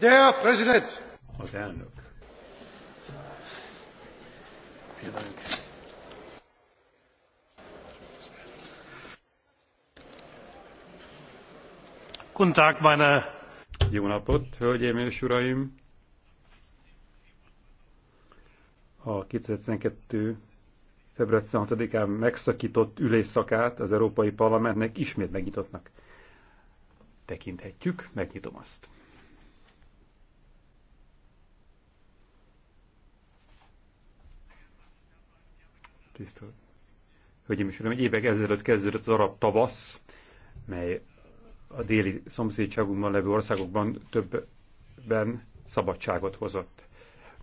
Der Präsident! Az elnök. Guten Tag, meine... Jó napot, hölgyeim és uraim! A 2012 február 16-án megszakított ülésszakát az Európai Parlamentnek ismét megnyitottnak tekinthetjük, megnyitom azt. Tisztelt. Hölgyeim és Uram, egy évek ezelőtt kezdődött az arab tavasz, mely a déli szomszédságunkban levő országokban többben szabadságot hozott.